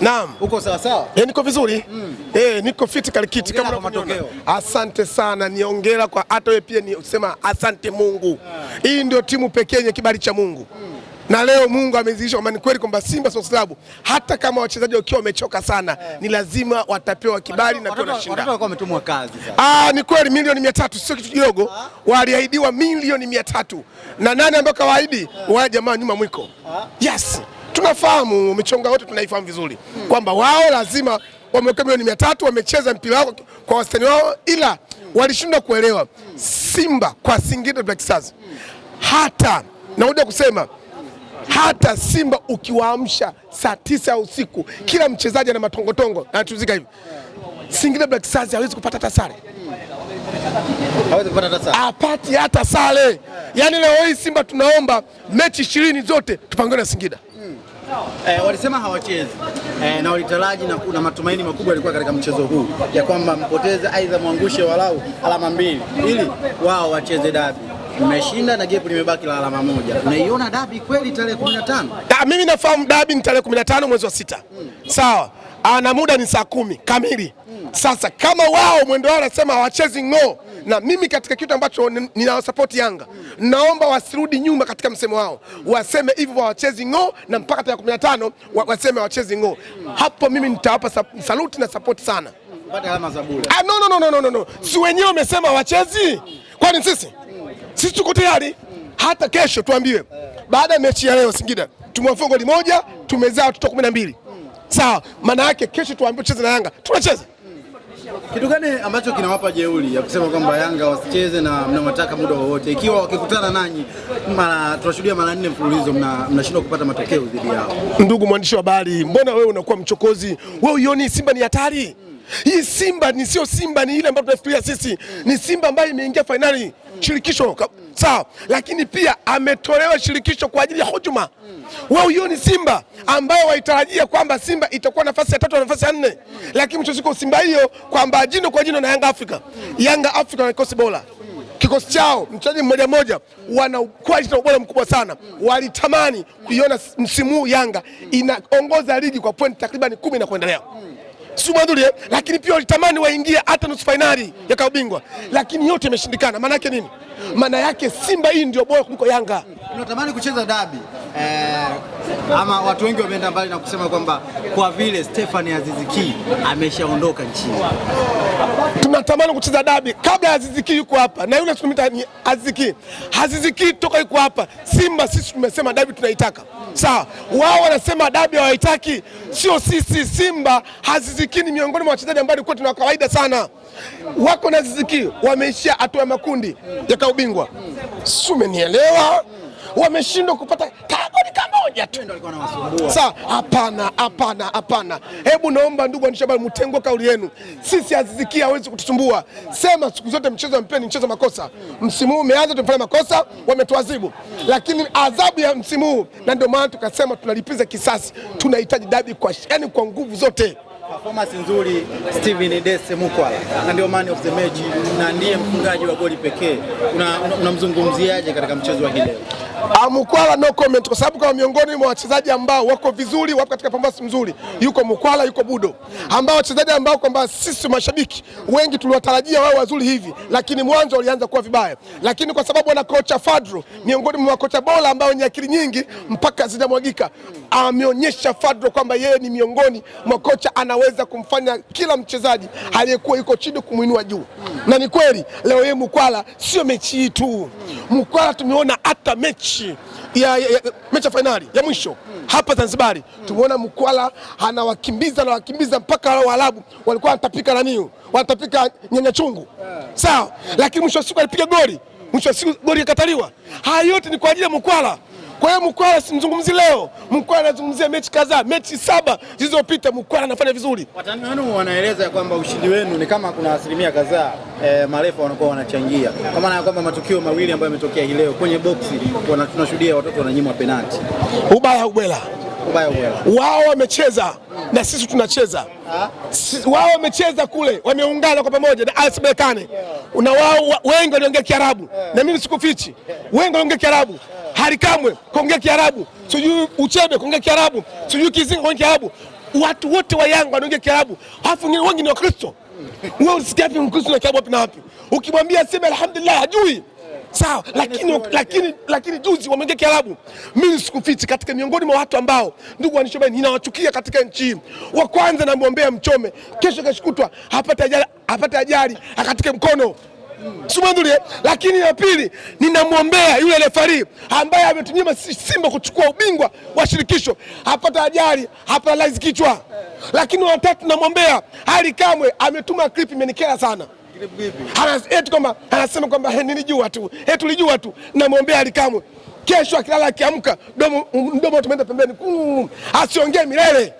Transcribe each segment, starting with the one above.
Naam. Uko sawa sawa? Eh, niko vizuri mm. Eh, niko fit kalikiti kama unavyoniona. Asante sana, niongera kwa hata wewe pia nisema asante Mungu yeah. Hii ndio timu pekee yenye kibali cha Mungu mm. Na leo Mungu amedhihirisha kwamba ni kweli kwamba Simba Sports Club hata kama wachezaji wakiwa wamechoka sana yeah. Ni lazima watapewa kibali na wanashinda. Wametumwa kazi sasa. Ah, ni kweli milioni mia tatu sio kitu kidogo ah. Waliahidiwa milioni mia tatu na nani ambaye kawaahidi Yeah. Wale jamaa nyuma mwiko ah. Yes tunafahamu michongo yote tunaifahamu vizuri hmm. kwamba wao lazima wameweka milioni mia tatu wamecheza mpira wao kwa wastani wao, ila hmm. walishindwa kuelewa Simba kwa Singida Black Stars hmm. hata nakuja kusema hata Simba ukiwaamsha saa tisa ya usiku hmm. kila mchezaji ana matongotongo anatuzika hivi Singida Black Stars hawezi kupata hata sare apati hata sare. Yaani leo hii Simba tunaomba mechi ishirini zote tupangiwe na Singida eh, walisema hawachezi eh, na walitaraji na kuna matumaini makubwa yalikuwa katika mchezo huu ya kwamba mpoteze aidha mwangushe walau alama mbili ili wao wacheze dabi. Mmeshinda na gepu limebaki la alama moja. Unaiona dabi kweli tarehe 15? Da, mimi nafahamu dabi ni tarehe 15 mwezi wa sita. Hmm. Sawa. Ana ah, muda ni saa kumi kamili. Hmm. Sasa kama wao mwendo wao nasema hawachezi ng'oo na mimi katika kitu ambacho ninawasapoti Yanga, naomba wasirudi nyuma katika msemo wao, waseme hivyo wachezi ng'oo, na mpaka tarehe 15 waseme wachezi ng'o. Hapo mimi nitawapa saluti na sapoti sana. Ah, no, no, no, no, no, no. Si wenyewe wamesema wachezi kwani sisi sisi tuko tayari hata kesho tuambiwe, baada ya mechi ya leo Singida tumewafunga goli moja, tumezaa watoto kumi na mbili. Sawa, maana yake kesho tuambiwe tucheze na Yanga, tunacheza. Kitu gani ambacho kinawapa jeuri ya kusema kwamba Yanga wasicheze na mnawataka muda wowote, ikiwa wakikutana nanyi mara tunashuhudia mara nne mfululizo mnashindwa kupata matokeo dhidi yao? Ndugu mwandishi wa habari, mbona wewe unakuwa mchokozi? Wewe uioni Simba ni hatari? Hii Simba ni sio Simba, ni ile ambayo tunafikiria sisi. Ni Simba ambayo imeingia fainali shirikisho sawa, lakini pia ametolewa shirikisho kwa ajili ya hujuma. Hmm. Wewe ni Simba ambayo waitarajia kwamba Simba itakuwa nafasi ya tatu na nafasi ya nne, hmm. lakini mwisho siku Simba hiyo kwamba jino kwa jino na Yanga Afrika, hmm. Yanga Afrika na kikosi bora kikosi chao mchezaji mmoja mmoja wana quality na ubora mkubwa sana. Walitamani kuiona msimu huu Yanga inaongoza ligi kwa pointi takriban kumi na kuendelea sio mwadhuri, eh. lakini pia walitamani waingie hata nusu fainali ya klabu bingwa, lakini yote imeshindikana. Maana yake nini? Maana yake Simba hii ndio bora kuliko Yanga. unatamani kucheza dabi eh, ama watu wengi wameenda mbali na kusema kwamba kwa vile Stefani Aziziki ameshaondoka nchini natamani kucheza dabi kabla Aziziki yuko hapa na yule tunamita ni Aziziki. Aziziki toka yuko hapa Simba, sisi tumesema dabi tunaitaka, sawa. Wao wanasema dabi hawaitaki, sio sisi Simba. Aziziki ni miongoni mwa wachezaji ambao tulikuwa tuna kawaida sana wako na Aziziki, wameishia hatua ya makundi ya kaubingwa, si umenielewa? wameshindwa kupata kagoli kamoja tu. Sawa? Hapana, hapana, hapana. Hebu naomba ndugu waandishi habari, mtengo kauli yenu. Sisi azizikia hawezi kutusumbua. Sema siku zote mchezo wa mpira ni mchezo makosa. Msimu huu umeanza, tumefanya makosa, wametuadhibu, lakini adhabu ya msimu huu, na ndio maana tukasema tunalipiza kisasi. Tunahitaji dabi kwa yani, kwa nguvu zote performance nzuri Steven Dese Mukwala, na ndio man of the match na ndiye mfungaji wa goli pekee. Unamzungumziaje una katika mchezo wa hii leo? Mkwala no comment, kwa sababu kama miongoni mwa wachezaji ambao wako vizuri, wapo katika pambasi mzuri, yuko Mkwala, yuko Budo, ambao wachezaji ambao kwamba sisi mashabiki wengi tuliwatarajia wao wazuri hivi, lakini mwanzo walianza kuwa vibaya, lakini kwa sababu wana kocha Fadru, miongoni mwa kocha bora ambao wenye akili nyingi mpaka zinamwagika ameonyesha fadro kwamba yeye ni miongoni mwa kocha anaweza kumfanya kila mchezaji aliyekuwa yuko chini kumwinua juu, na ni kweli leo yeye Mkwala sio mechi hii tu. Mkwala tumeona hata mechi ya, ya, ya, mechi ya fainali ya mwisho hapa Zanzibari tumeona Mkwala anawakimbiza na wakimbiza mpaka wale Waarabu walikuwa wanatapika naniu wanatapika nyanya chungu sawa, lakini mwisho wa siku alipiga goli, mwisho wa siku goli ikakataliwa. Haya yote ni kwa ajili ya Mkwala. Kwa hiyo Mkwala simzungumzi leo, Mkwala anazungumzia mechi kadhaa, mechi saba zilizopita Mkwala anafanya vizuri. Watani wenu wanaeleza kwamba ushindi wenu ni kama kuna asilimia kadhaa e, marefa wanakuwa wanachangia, kwa maana ya kwamba matukio mawili ambayo yametokea hii leo kwenye boksi, tunashuhudia watoto wananyimwa penalti. Ubaya ubwela wao wamecheza na sisi tunacheza, wao wamecheza kule, wameungana kwa pamoja na RS Berkane, na wao wengi waliongea Kiarabu na mimi sikufichi, wengi waliongea Kiarabu. Harikamwe kaongea Kiarabu, sijui Uchebe kaongea Kiarabu, sijui Kizinga kaongea Kiarabu, watu wote wa Yanga wanaongea Kiarabu, halafu wengi ni Wakristo. Wewe usikia wapi Mkristo na Kiarabu wapi na wapi? Ukimwambia sema alhamdulillah hajui sawa, lakini lakini lakini juzi wameongea Kiarabu. Mimi sikufichi, katika miongoni mwa watu ambao ndugu waandishi ninawachukia katika nchi hii, wa kwanza namwombea Mchome, kesho keshokutwa hapate ajali, hapate ajali akatike mkono Sumanduli, lakini ya pili ninamwombea yule refari ambaye ametumia Simba kuchukua ubingwa wa shirikisho, hapata ajali, hapalaizi kichwa. Lakini wa tatu namwombea Ali Kamwe, ametuma clip imenikera sana eh, kwamba anasema kwamba nilijua tu, eh, tulijua tu. Namwombea Ali Kamwe, kesho akilala akiamka, mdomo tumeenda pembeni, asiongee milele.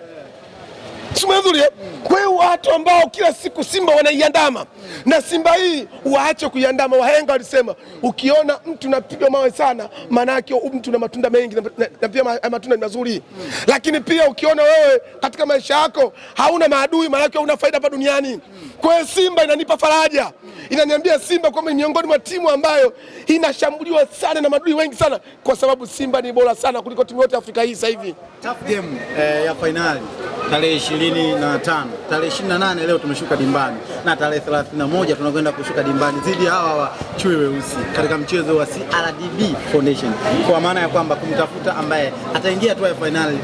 Simezulie. Eh? Kwa watu ambao kila siku Simba wanaiandama na Simba hii waache kuiandama. Wahenga walisema ukiona mtu napigwa mawe sana, maana yake mtu na matunda mengi na, na, na pia eh, matunda ni mazuri. Lakini pia ukiona wewe katika maisha yako hauna maadui, maana yake una faida hapa duniani. Kwa hiyo Simba inanipa faraja inaniambia Simba kwamba ni miongoni mwa timu ambayo inashambuliwa sana na madui wengi sana, kwa sababu Simba ni bora sana kuliko timu yote Afrika hii sasa hivi. Tough game eh, ya fainali tarehe 25, tarehe 28 leo tumeshuka dimbani na tarehe 31 tunakwenda kushuka dimbani dhidi ya hawa wa chui weusi katika mchezo wa CRDB Foundation, kwa maana ya kwamba kumtafuta ambaye ataingia tu ya fainali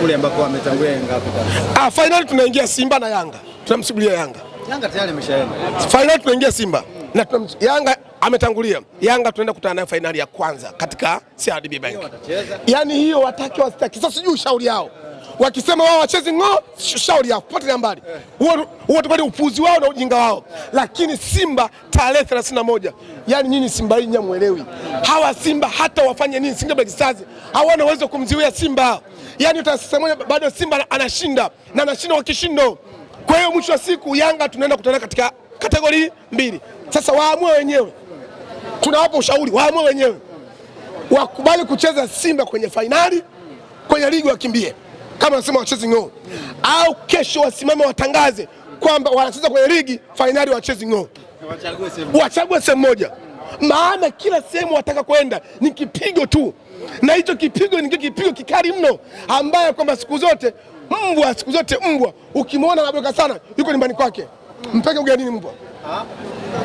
kule ambako ametangulia Yanga. Ah, fainali tunaingia Simba na Yanga, tunamsubiria Yanga. Yanga tayari ameshaenda. Fainali tunaingia Simba na tuna, Yanga ametangulia. Yanga tunaenda kutana naye fainali ya kwanza katika CRDB Bank. Yaani hiyo wataki wasitaki, sasa sijui ushauri yao wakisema wao wachezi ng'o, shauri yao, potelea mbali huo, tukali upuzi wao na ujinga wao. Lakini Simba tarehe 31, yani nyinyi Simba hii nyamuelewi. Hawa Simba hata wafanye nini, Singida Black Stars hawana uwezo kumziwia Simba. Yaani utasema bado Simba anashinda na anashinda kwa kishindo. Kwa hiyo mwisho wa siku Yanga tunaenda kutana katika kategori mbili. Sasa waamue wenyewe, tunawapa ushauri waamue wenyewe, wakubali kucheza Simba kwenye fainali, kwenye ligi wakimbie, kama nasema wachezi ng'oo, au kesho wasimame watangaze kwamba wanacheza kwenye ligi fainali, wachezi ng'o wachague sehemu moja, maana kila sehemu wataka kwenda ni kipigo tu, na hicho kipigo ni kipigo kikali mno, ambaye kwamba siku zote Mbwa siku zote, mbwa ukimwona anaboka sana, yuko nyumbani kwake, mpeke ugenini mbwa.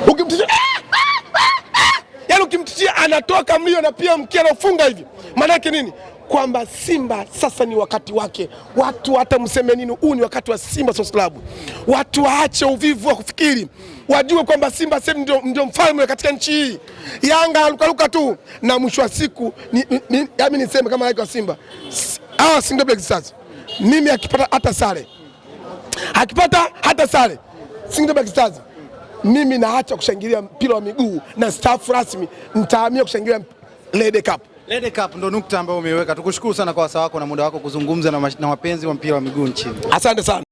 Ukimtishia eh, eh, eh. yani, ukimtishia anatoka mlio na pia mkia anafunga hivi. Maana yake nini? Kwamba Simba sasa ni wakati wake. Watu hata mseme nini, huu ni wakati wa Simba Sports Club. Watu waache uvivu wa kufikiri, wajue kwamba Simba sasa ndio, ndio mfalme katika nchi hii. Yanga alukaluka tu na mwisho wa siku ni, ni, ni, yaani niseme kama laiki wa Simba hawa Singida Black Stars mimi akipata hata sare, akipata hata sare Singida Black Stars, mimi naacha kushangilia mpira wa miguu na staff rasmi, nitahamia kushangilia Lede Cup. Lede Cup ndo nukta ambayo umeiweka. Tukushukuru sana kwa wasaa wako na muda wako kuzungumza na wapenzi wa mpira wa miguu nchini. Asante sana.